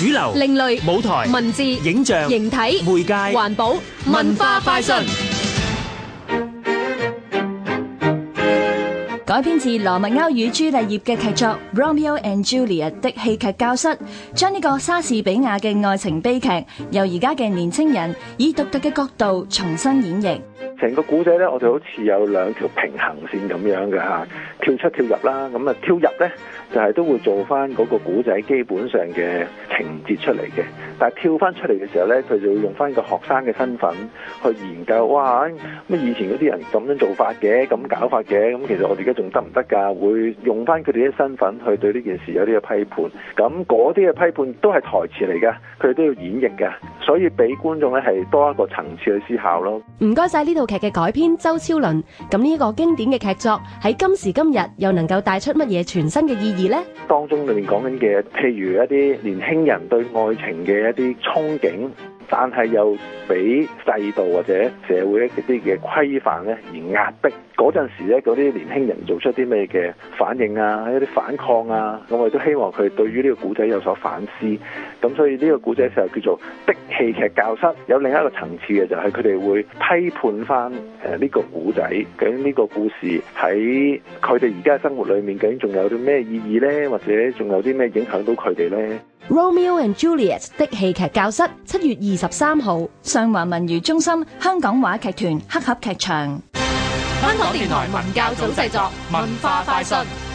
主流，另類，舞台，文字，影像，形體，媒介，環保，文化快訊。改編自羅密歐與朱麗葉嘅劇作 Romeo and Juliet 嘅戲劇教室將呢個莎士比亞嘅愛情悲劇，由而家嘅年輕人以獨特嘅角度重新演繹。成個古仔呢，我哋好似有兩條平行線咁樣嘅嚇，跳出跳入啦。咁啊跳入呢，就係都會做翻嗰個古仔基本上嘅情節出嚟嘅。但係跳翻出嚟嘅時候呢，佢就會用翻個學生嘅身份去研究。哇！咁以前嗰啲人咁樣做法嘅，咁搞法嘅。咁其實我哋而家仲得唔得㗎？會用翻佢哋啲身份去對呢件事有啲嘅批判。咁嗰啲嘅批判都係台詞嚟㗎，佢哋都要演繹㗎。所以俾觀眾咧係多一個層次去思考咯。唔該晒，呢套劇嘅改編周超倫，咁呢個經典嘅劇作喺今時今日又能夠帶出乜嘢全新嘅意義呢？當中裏面講緊嘅，譬如一啲年輕人對愛情嘅一啲憧憬。但係又俾制度或者社會一啲嘅規範咧而壓迫，嗰陣時咧嗰啲年輕人做出啲咩嘅反應啊，一啲反抗啊，咁我哋都希望佢對於呢個古仔有所反思。咁所以呢個古仔就叫做的戲劇教室，有另一個層次嘅就係佢哋會批判翻，誒呢個古仔，究竟呢個故事喺佢哋而家生活裏面究竟仲有啲咩意義咧，或者仲有啲咩影響到佢哋咧？《Romeo and Juliet》的戲劇教室，七月二。十三號上環文娛中心，香港話劇團黑盒劇場。香港電台文教組製作，文化快訊。